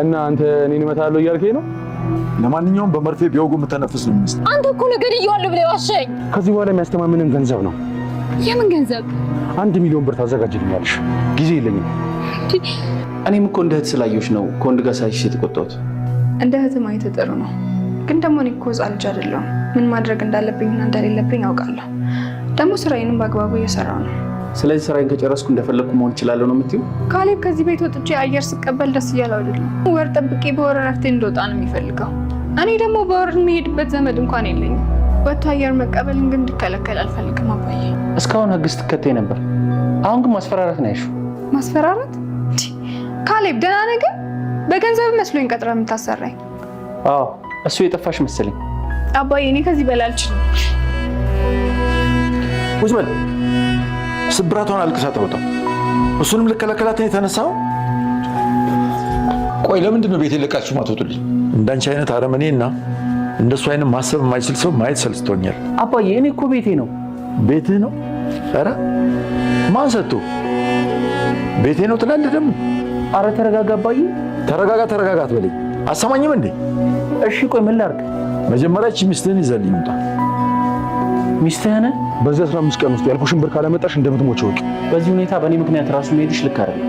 እና አንተ እኔን እመታለሁ እያልከኝ ነው? ለማንኛውም በመርፌ ቢወጉ የምተነፍስ ነው የሚመስለው። አንተ እኮ ነው ገድዬዋለሁ ብለህ ዋሸኝ። ከዚህ በኋላ የሚያስተማምንን ገንዘብ ነው። የምን ገንዘብ? አንድ ሚሊዮን ብር ታዘጋጅልኛለሽ? ጊዜ የለኝም። እኔም እኮ እንደ እህት ስላየሁሽ ነው ከወንድ ጋር ሳይሽ የተቆጣሁት። እንደ እህት ማየት ጥሩ ነው፣ ግን ደግሞ እኔ እኮ ሕፃን ልጅ አይደለሁም። ምን ማድረግ እንዳለብኝና እንደሌለብኝ አውቃለሁ። ደግሞ ስራዬንም በአግባቡ እየሰራሁ ነው። ስለዚህ ስራዬን ከጨረስኩ እንደፈለግኩ መሆን እችላለሁ ነው የምትይው? ካሌብ ከዚህ ቤት ወጥቼ አየር ስቀበል ደስ እያለው አይደለም። ወር ጠብቄ በወር እረፍቴ እንደወጣ ነው የሚፈልገው። እኔ ደግሞ በወር የሚሄድበት ዘመድ እንኳን የለኝም። ወጥቶ አየር መቀበልን ግን እንድከለከል አልፈልግም አባዬ። እስካሁን ህግ ስትከተይ ነበር፣ አሁን ግን ማስፈራራት ነው ያልሽው። ማስፈራራት? ካሌብ ደህና ነህ? ግን በገንዘብ መስሎኝ ቀጥረህ የምታሰራኝ። አዎ እሱ የጠፋሽ መሰለኝ አባዬ። እኔ ከዚህ በላይ አልችልም። ስብራቷን አልቅሳ ተውጣ። እሱንም ልከለከላትን የተነሳው። ቆይ ለምንድን ነው ቤቴን ለቃችሁ ማትወጡልኝ? እንዳንቺ አይነት አረመኔ እና እንደሱ አይነት ማሰብ የማይችል ሰው ማየት ሰልስቶኛል። አባዬ እኔ እኮ ቤቴ ነው። ቤትህ ነው? ኧረ ማን ሰጥቶ ቤቴ ነው ትላለህ ደግሞ? አረ ተረጋጋ አባዬ። ተረጋጋ ተረጋጋት በለኝ። አሰማኝም እንዴ? እሺ ቆይ ምን ላድርግ? መጀመሪያ ይህቺ ሚስትህን ይዘህልኝ ውጣ። ሚስትህ ነህ። በዚህ 15 ቀን ውስጥ ያልኩሽን ብር ካላመጣሽ እንደምትሞች ወቂ። በዚህ ሁኔታ በእኔ ምክንያት ራሱ መሄድሽ ልክ አይደለም።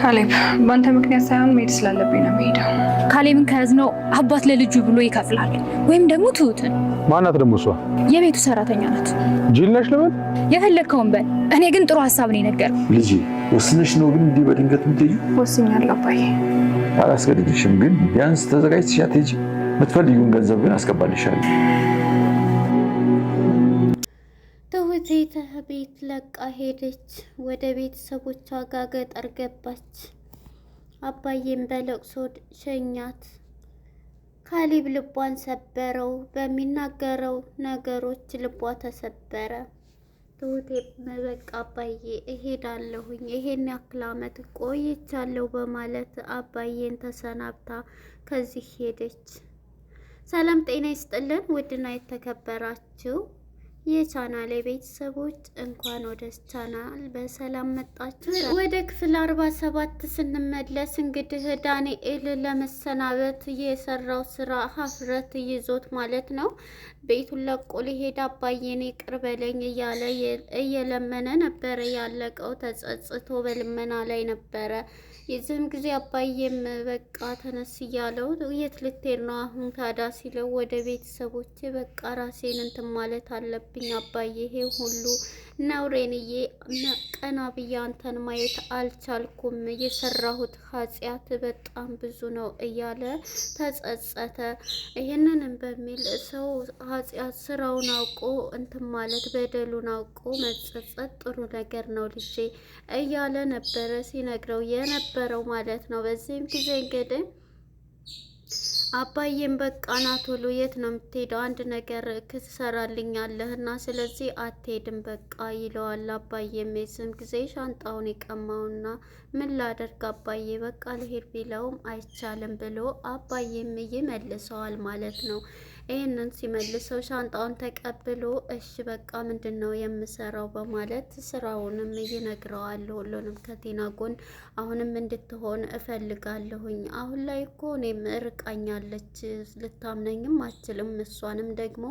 ካሌብ፣ በአንተ ምክንያት ሳይሆን መሄድ ስላለብኝ ነው የምሄደው። ካሌብን ከያዝነው አባት ለልጁ ብሎ ይከፍላል፣ ወይም ደግሞ ትሁትን። ማናት ደግሞ እሷ? የቤቱ ሰራተኛ ናት። ጅል ነሽ ልበል? የፈለግከውን በል። እኔ ግን ጥሩ ሀሳብ ነው የነገረው። ልጅ ወስነሽ ነው ግን እንዲህ በድንገት ምትይ? ወስኛለሁ አባዬ። አላስገድድሽም፣ ግን ቢያንስ ተዘጋጅተሽ አትሄጂም። የምትፈልጊውን ገንዘብ ግን አስገባልሻለሁ። ትዕግስት ቤት ለቃ ሄደች። ወደ ቤተሰቦቿ ጋር ገጠር ገባች። አባዬን በለቅሶ ሸኛት። ካሊብ ልቧን ሰበረው። በሚናገረው ነገሮች ልቧ ተሰበረ። ትሁቴ በቃ አባዬ እሄዳለሁኝ ይሄን ያክል አመት ቆይቻለሁ በማለት አባዬን ተሰናብታ ከዚህ ሄደች። ሰላም ጤና ይስጥልን ውድና የተከበራችሁ የቻናል ቤተሰቦች እንኳን ወደ ቻናል በሰላም መጣችሁ። ወደ ክፍል አርባ ሰባት ስንመለስ እንግዲህ ዳንኤል ለመሰናበት የሰራው ስራ ሀፍረት ይዞት ማለት ነው። ቤቱን ለቆ ሊሄድ አባዬኔ ቅርበለኝ እያለ እየለመነ ነበረ ያለቀው። ተጸጽቶ በልመና ላይ ነበረ። የዚህም ጊዜ አባዬም በቃ ተነስ እያለው የት ልትሄድ ነው አሁን ታዳ ሲለው ወደ ቤተሰቦች በቃ ራሴን እንትን ማለት አለብን አለብኝ አባዬ። ይሄ ሁሉ ነውሬንዬ ቀና ብዬ አንተን ማየት አልቻልኩም። የሰራሁት ኃጢአት በጣም ብዙ ነው እያለ ተጸጸተ። ይህንንም በሚል ሰው ኃጢአት ስራውን አውቆ እንትን ማለት በደሉን አውቆ መጸጸት ጥሩ ነገር ነው ልጄ እያለ ነበረ ሲነግረው የነበረው ማለት ነው። በዚህም ጊዜ እንግዲህ አባዬም በቃ ና ቶሎ፣ የት ነው የምትሄደው? አንድ ነገር ትሰራልኛለህ እና ስለዚህ አትሄድም በቃ ይለዋል። አባዬም የዝም ጊዜ ሻንጣውን የቀማውና ምን ላደርግ አባዬ በቃ ልሄድ ቢለውም አይቻልም ብሎ አባዬም ይመልሰዋል ማለት ነው። ይህንን ሲመልሰው ሻንጣውን ተቀብሎ እሺ በቃ ምንድን ነው የምሰራው በማለት ስራውንም ይነግረዋል። ሁሉንም ከቴና ጎን አሁንም እንድትሆን እፈልጋለሁኝ። አሁን ላይ እኮ እኔም ርቃኛለች፣ ልታምነኝም አችልም። እሷንም ደግሞ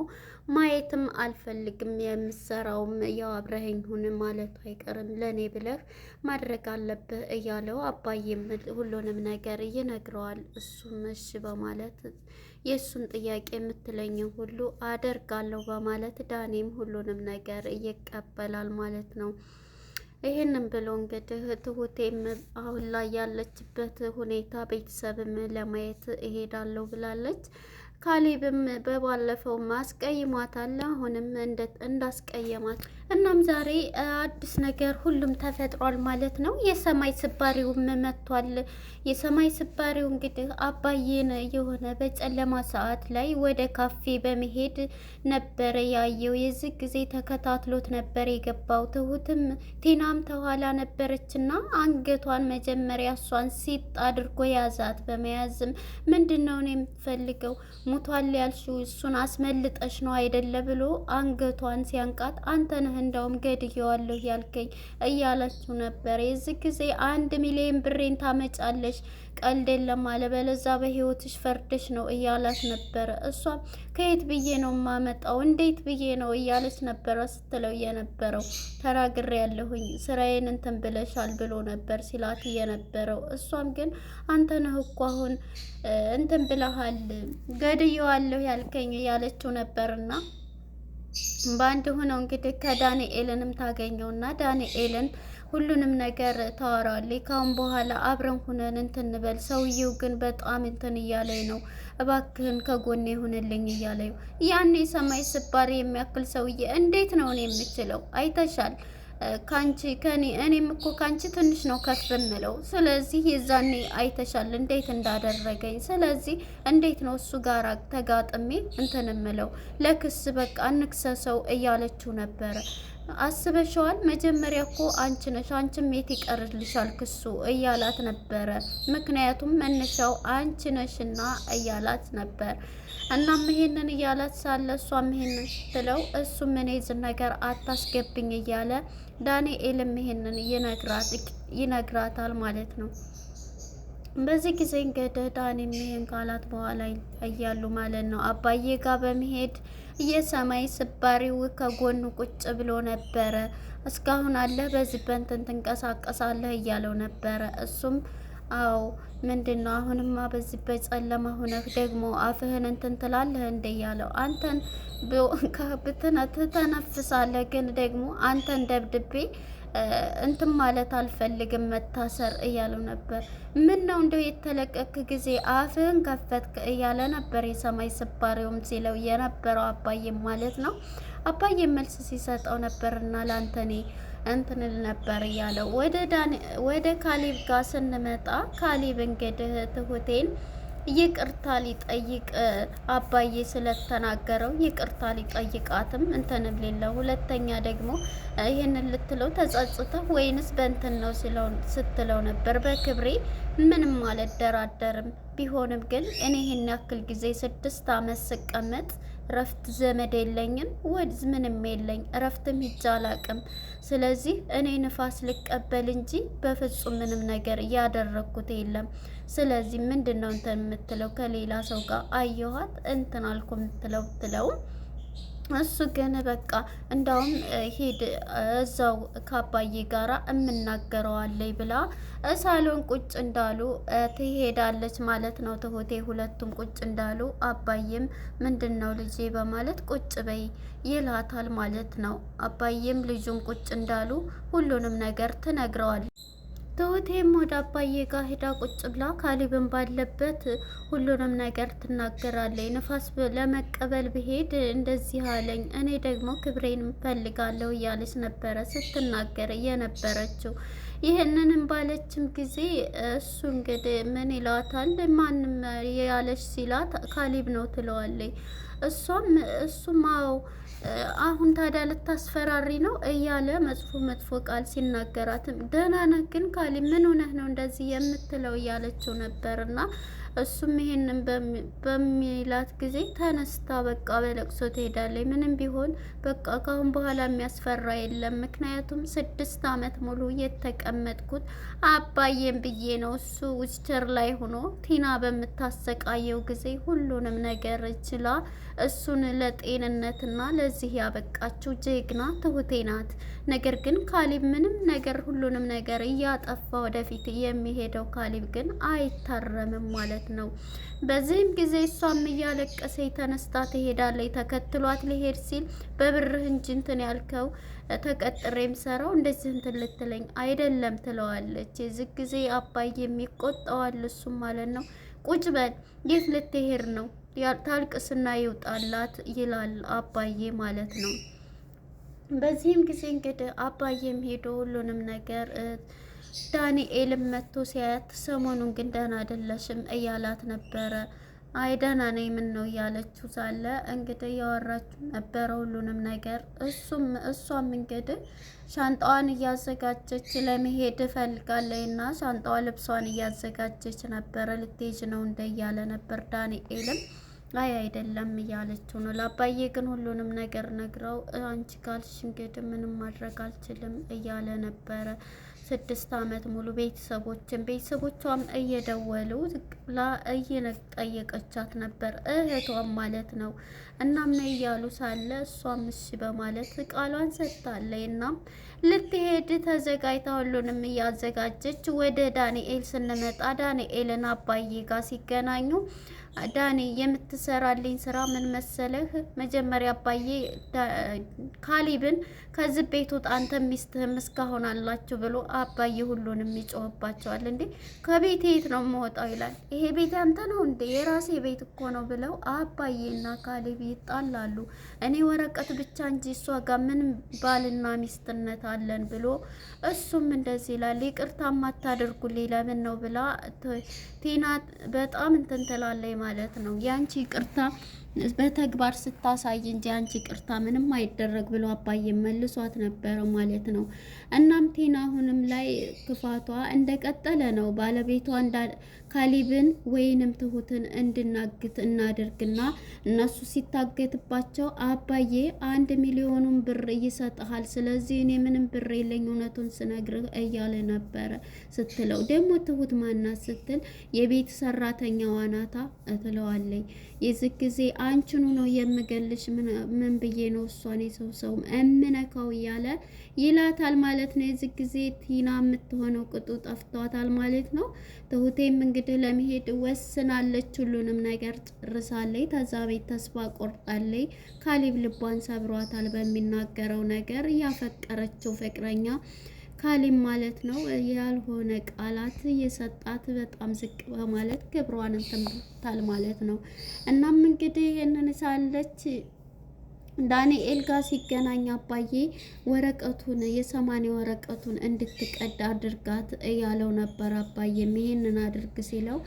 ማየትም አልፈልግም። የምሰራውም ያው አብረኸኝ ሁን ማለቱ አይቀርም ለእኔ ብለህ ማድረግ አለብህ እያለው አባዬም ሁሉንም ነገር ይነግረዋል። እሱም እሺ በማለት የእሱን ጥያቄ የምትለኝን ሁሉ አደርጋለሁ በማለት ዳኔም ሁሉንም ነገር ይቀበላል ማለት ነው። ይህንም ብሎ እንግዲህ ትሁቴም አሁን ላይ ያለችበት ሁኔታ ቤተሰብም ለማየት እሄዳለሁ ብላለች። ካሌብም በባለፈው አስቀይሟታል። አሁንም እንዳስቀየማት እናም ዛሬ አዲስ ነገር ሁሉም ተፈጥሯል ማለት ነው። የሰማይ ስባሪውም መጥቷል። የሰማይ ስባሪው እንግዲህ አባዬን የሆነ በጨለማ ሰዓት ላይ ወደ ካፌ በመሄድ ነበረ ያየው። የዚህ ጊዜ ተከታትሎት ነበር የገባው። ትሁትም ቴናም ተኋላ ነበረችና አንገቷን መጀመሪያ እሷን ሲጥ አድርጎ ያዛት። በመያዝም ምንድን ነው የምትፈልገው? ሙቷል ያልሽው እሱን አስመልጠሽ ነው አይደለ ብሎ አንገቷን ሲያንቃት አንተ ነህ እንዳውም ገድየዋለሁ ያልከኝ እያለችው ነበር። የዚህ ጊዜ አንድ ሚሊዮን ብሬን ታመጫለሽ፣ ቀልድ የለም በለዛ በህይወትሽ ፈርደሽ ነው እያላት ነበረ። እሷ ከየት ብዬ ነው የማመጣው እንዴት ብዬ ነው እያለች ነበረ ስትለው የነበረው ተናግሬ ያለሁኝ ስራዬን እንትን ብለሻል ብሎ ነበር ሲላት የነበረው። እሷም ግን አንተ ነህ እኮ አሁን እንትን ብለሃል ገድየዋለሁ ያልከኝ እያለችው ነበርና በአንድ ሆነው እንግዲህ ከዳንኤልንም ታገኘውና ዳንኤልን ሁሉንም ነገር ታወራለች። ካሁን በኋላ አብረን ሁነን እንትን ሰውየው ሰውዬው ግን በጣም እንትን እያለኝ ነው፣ እባክህን ከጎኔ ይሁንልኝ እያለኝ ያኔ ሰማይ ስባሪ የሚያክል ሰውዬ እንዴት ነው እኔ የምችለው? አይተሻል ካንቺ ከኔ እኔም እኮ ካንቺ ትንሽ ነው ከፍ የምለው። ስለዚህ የዛኔ አይተሻል እንዴት እንዳደረገኝ። ስለዚህ እንዴት ነው እሱ ጋር ተጋጥሜ እንትን ለክስ በቃ እንክሰሰው እያለችው ነበረ። አስበሸዋል? መጀመሪያ እኮ አንቺ ነሽ፣ አንቺም የት ይቀርልሻል ክሱ እያላት ነበረ። ምክንያቱም መነሻው አንቺ ነሽና እያላት ነበር። እናም ይሄንን እያላት ሳለ እሷም ይሄንን ስትለው እሱ ምን ይዝ ነገር አታስገብኝ እያለ ዳንኤልም ይሄንን ይነግራታል ማለት ነው። በዚህ ጊዜ እንግዲህ ዳኔም ይሄን ካላት በኋላ እያሉ ማለት ነው አባዬ ጋር በመሄድ የሰማይ ስባሪው ከጎኑ ቁጭ ብሎ ነበረ። እስካሁን አለ በዚህ በንትን ትንቀሳቀሳለህ እያለው ነበረ። እሱም አዎ ምንድን ነው አሁንማ በዚህ በጨለማ ሁነህ ደግሞ አፍህን እንትን ትላለህ እንደ እያለው አንተን ብትነፍሳለህ ግን ደግሞ አንተን ደብድቤ እንትን ማለት አልፈልግም መታሰር እያሉ ነበር። ምን ነው እንደው የተለቀክ ጊዜ አፍህን ከፈትክ እያለ ነበር። የሰማይ ስባሪውም ሲለው የነበረው አባዬም ማለት ነው። አባዬ መልስ ሲሰጠው ነበርና ላንተኔ እንትንል ነበር እያለው ወደ ካሊብ ጋር ስንመጣ ካሊብ እንግዲህ ትሁቴን ይቅርታ ሊጠይቅ አባዬ ስለተናገረው ይቅርታ ሊጠይቃትም እንትንም ሌለው ሁለተኛ ደግሞ ይህንን ልትለው ተጸጽተህ ወይንስ በእንትን ነው ስትለው ነበር። በክብሬ ምንም አልደራደርም። ቢሆንም ግን እኔ ይህን ያክል ጊዜ ስድስት አመት ስቀመጥ እረፍት ዘመድ የለኝም፣ ወድዝ ምንም የለኝ፣ እረፍትም ሂጄ አላቅም። ስለዚህ እኔ ንፋስ ልቀበል እንጂ በፍጹም ምንም ነገር እያደረግኩት የለም። ስለዚህ ምንድን ነው እንትን የምትለው ከሌላ ሰው ጋር አየኋት እንትን አልኩ የምትለው እሱ ግን በቃ እንዳውም ሂድ እዛው ካባዬ ጋራ እምናገረዋለይ ብላ ሳሎን ቁጭ እንዳሉ ትሄዳለች ማለት ነው። ትሁቴ ሁለቱም ቁጭ እንዳሉ አባዬም ምንድን ነው ልጄ በማለት ቁጭ በይ ይላታል ማለት ነው። አባዬም ልጁም ቁጭ እንዳሉ ሁሉንም ነገር ትነግረዋለች። ትሁቴም ወደ አባዬ ጋር ሄዳ ቁጭ ብላ ካሊብን ባለበት ሁሉንም ነገር ትናገራለች። ንፋስ ለመቀበል ብሄድ እንደዚህ አለኝ፣ እኔ ደግሞ ክብሬን ፈልጋለሁ እያለች ነበረ ስትናገር የነበረችው። ይህንንም ባለችም ጊዜ እሱ እንግዲህ ምን ይላታል? ማንም ያለች ሲላት ካሊብ ነው ትለዋለች። እሷም እሱም አዎ አሁን ታዲያ ልታስፈራሪ ነው እያለ መጥፎ መጥፎ ቃል ሲናገራትም ደህና ነህ ግን ካሊ ምን ሆነህ ነው እንደዚህ የምትለው እያለችው ነበርና እሱም ይሄንን በሚላት ጊዜ ተነስታ በቃ በለቅሶ ትሄዳለች። ምንም ቢሆን በቃ ካሁን በኋላ የሚያስፈራ የለም፣ ምክንያቱም ስድስት ዓመት ሙሉ የተቀመጥኩት አባዬን ብዬ ነው። እሱ ዊልቸር ላይ ሆኖ ቲና በምታሰቃየው ጊዜ ሁሉንም ነገር ይችላ። እሱን ለጤንነትና ለዚህ ያበቃችው ጀግና ትሁቴ ናት። ነገር ግን ካሊብ ምንም ነገር ሁሉንም ነገር እያጠፋ ወደፊት የሚሄደው ካሊብ ግን አይታረምም ማለት ነው። በዚህም ጊዜ እሷም እያለቀሰ ተነስታ ትሄዳለች። ተከትሏት ሊሄድ ሲል በብርህ እንጂ እንትን ያልከው ተቀጥሬ የምሰራው እንደዚህ እንትን ልትለኝ አይደለም ትለዋለች። የዚህ ጊዜ አባዬ የሚቆጣዋል እሱም ማለት ነው። ቁጭ በል የት ልትሄድ ነው ታልቅስና ይውጣላት ይላል አባዬ ማለት ነው። በዚህም ጊዜ እንግዲህ አባዬም ሄዶ ሁሉንም ነገር ዳንኤልም መጥቶ ሲያያት ሰሞኑን ግን ደህና አይደለሽም እያላት ነበረ። አይ ደህና ነኝ ምን ነው እያለችው ሳለ እንግዲህ ያወራችሁ ነበረ ሁሉንም ነገር። እሱም እሷም እንግዲህ ሻንጣዋን እያዘጋጀች ለመሄድ እፈልጋለሁ እና ሻንጣዋ ልብሷን እያዘጋጀች ነበረ። ልትሄጂ ነው እንደ እያለ ነበር ዳንኤልም አይ አይደለም እያለችው ነው። ለአባዬ ግን ሁሉንም ነገር ነግረው አንቺ ካልሽ እንግዲህ ምንም ማድረግ አልችልም እያለ ነበረ ስድስት ዓመት ሙሉ ቤተሰቦችን ቤተሰቦቿም እየደወሉ ላ እየጠየቀቻት ነበር፣ እህቷም ማለት ነው። እናም ነው እያሉ ሳለ እሷም እሺ በማለት ቃሏን ሰጥታለች። እናም ልትሄድ ተዘጋጅታ ሁሉንም እያዘጋጀች ወደ ዳንኤል ስንመጣ ዳንኤልን አባዬ ጋር ሲገናኙ ዳኒ የምትሰራልኝ ስራ ምን መሰለህ? መጀመሪያ አባዬ ካሊብን ከዚህ ቤት ውጣ አንተ ሚስትህም እስካሁን አላችሁ ብሎ አባዬ ሁሉንም ይጮህባቸዋል። እንዴ ከቤት የት ነው የምወጣው ይላል። ይሄ ቤት ያንተ ነው እንዴ የራሴ ቤት እኮ ነው ብለው አባዬና ካሌብ ይጣላሉ። እኔ ወረቀት ብቻ እንጂ እሷ ጋር ምን ባልና ሚስትነት አለን ብሎ እሱም እንደዚህ ይላል። ይቅርታ ማታደርጉልኝ ለምን ነው ብላ ቴና በጣም እንትን ትላለች ማለት ነው ያንቺ ይቅርታ በተግባር ስታሳይ እንጂ አንቺ ቅርታ ምንም አይደረግ ብሎ አባዬ መልሷት ነበረ ማለት ነው። እናም ቴና አሁንም ላይ ክፋቷ እንደቀጠለ ነው ባለቤቷ ካሊብን ወይንም ትሁትን እንድናግት እናደርግና እነሱ ሲታገትባቸው አባዬ አንድ ሚሊዮኑን ብር ይሰጥሃል፣ ስለዚህ እኔ ምንም ብር የለኝ እውነቱን ስነግርህ እያለ ነበረ ስትለው፣ ደግሞ ትሁት ማናት ስትል የቤት ሰራተኛዋ ናታ እትለዋለኝ። የዚህ ጊዜ አንችኑ ነው የምገልሽ፣ ምን ብዬ ነው እሷን የሰው ሰውም እምነካው እያለ ይላታል ማለት ነው። የዚህ ጊዜ ቲና የምትሆነው ቅጡ ጠፍቷታል ማለት ነው። ትሁቴም እንግዲህ እንግዲህ ለመሄድ ወስናለች። ሁሉንም ነገር ጨርሳለች። ታዛቤት ተስፋ ቆርጣለች። ካሊብ ልቧን ሰብሯታል በሚናገረው ነገር ያፈቀረችው ፍቅረኛ ካሊም ማለት ነው ያልሆነ ቃላት የሰጣት በጣም ዝቅ በማለት ክብሯን እንትን ብታል ማለት ነው። እናም እንግዲህ ይህንን ሳለች ዳንኤል ጋር ሲገናኝ አባዬ ወረቀቱን የሰማኒ ወረቀቱን እንድትቀድ አድርጋት እያለው ነበር። አባዬም ይህንን አድርግ ሲለው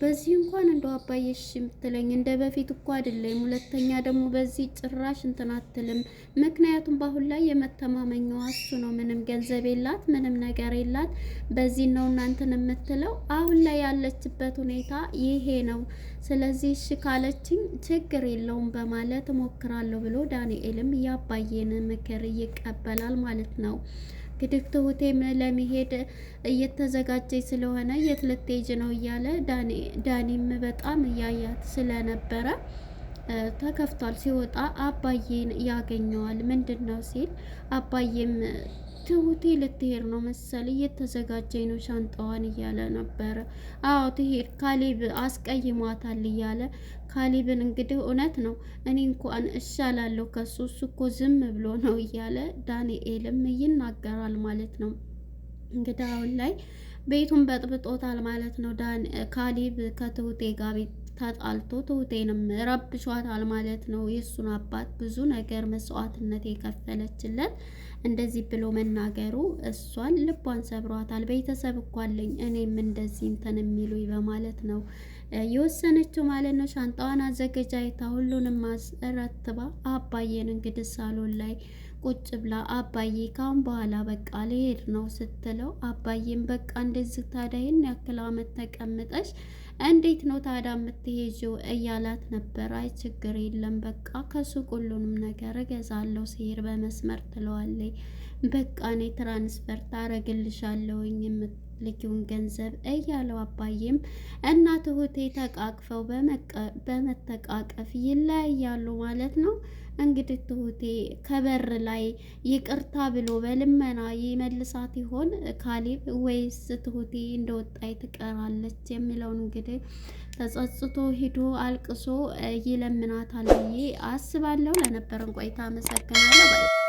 በዚህ እንኳን እንደው አባየሽ የምትለኝ እንደ በፊት እኮ አይደለም። ሁለተኛ ደግሞ በዚህ ጭራሽ እንትን አትልም። ምክንያቱም በአሁን ላይ የመተማመኛዋ እሱ ነው። ምንም ገንዘብ የላት፣ ምንም ነገር የላት። በዚህ ነው እናንተን የምትለው። አሁን ላይ ያለችበት ሁኔታ ይሄ ነው። ስለዚህ እሺ ካለችኝ ችግር የለውም በማለት እሞክራለሁ ብሎ ዳንኤልም ያባየን ምክር ይቀበላል ማለት ነው። እንግዲህ ትሁቴም ለመሄድ እየተዘጋጀች ስለሆነ የት ልትሄጂ ነው እያለ ዳኒም በጣም እያያት ስለነበረ ተከፍቷል። ሲወጣ አባዬን ያገኘዋል። ምንድን ነው ሲል አባዬም ትሁቴ ልትሄድ ነው መሰል እየተዘጋጀኝ ነው ሻንጣዋን እያለ ነበረ። አዎ ትሄድ፣ ካሌብ አስቀይሟታል እያለ ካሌብን እንግዲህ እውነት ነው እኔ እንኳን እሻላለሁ ከሱ እሱ እኮ ዝም ብሎ ነው እያለ ዳንኤልም ይናገራል ማለት ነው። እንግዲህ አሁን ላይ ቤቱን በጥብጦታል ማለት ነው። ካሌብ ከትሁቴ ጋር ቤት ተጣልቶ ትሁቴንም ረብሿታል ማለት ነው። የእሱን አባት ብዙ ነገር መስዋዕትነት የከፈለችለት እንደዚህ ብሎ መናገሩ እሷን ልቧን ሰብሯታል። ቤተሰብ እኮ አለኝ እኔም እንደዚህ እንትን የሚሉኝ በማለት ነው የወሰነችው ማለት ነው። ሻንጣዋን አዘገጃጅታ ሁሉንም ረትባ አባዬን እንግዲህ ሳሎን ላይ ቁጭ ብላ አባዬ ካሁን በኋላ በቃ ልሄድ ነው ስትለው አባዬን በቃ እንደዚህ ታዲያ ይህን ያክል አመት ተቀምጠሽ እንዴት ነው ታዲያ የምትሄጂው እያላት ነበር። አይ ችግር የለም በቃ ከሱቅ ሁሉንም ነገር እገዛለሁ ሲሄድ በመስመር ትለዋለች። በቃ እኔ ትራንስፈር ታረግልሻለሁኝ የምት የምትልኪውን ገንዘብ እያለው አባዬም እና እህቴ ተቃቅፈው በመተቃቀፍ ይለያያሉ ማለት ነው። እንግዲህ ትሁቴ ከበር ላይ ይቅርታ ብሎ በልመና ይመልሳት ይሆን ካሌብ ወይስ ትሁቴ እንደወጣይ ትቀራለች የሚለውን እንግዲህ ተጸጽቶ ሂዶ አልቅሶ ይለምናታል ብዬ አስባለሁ። ለነበረን ቆይታ አመሰግናለሁ።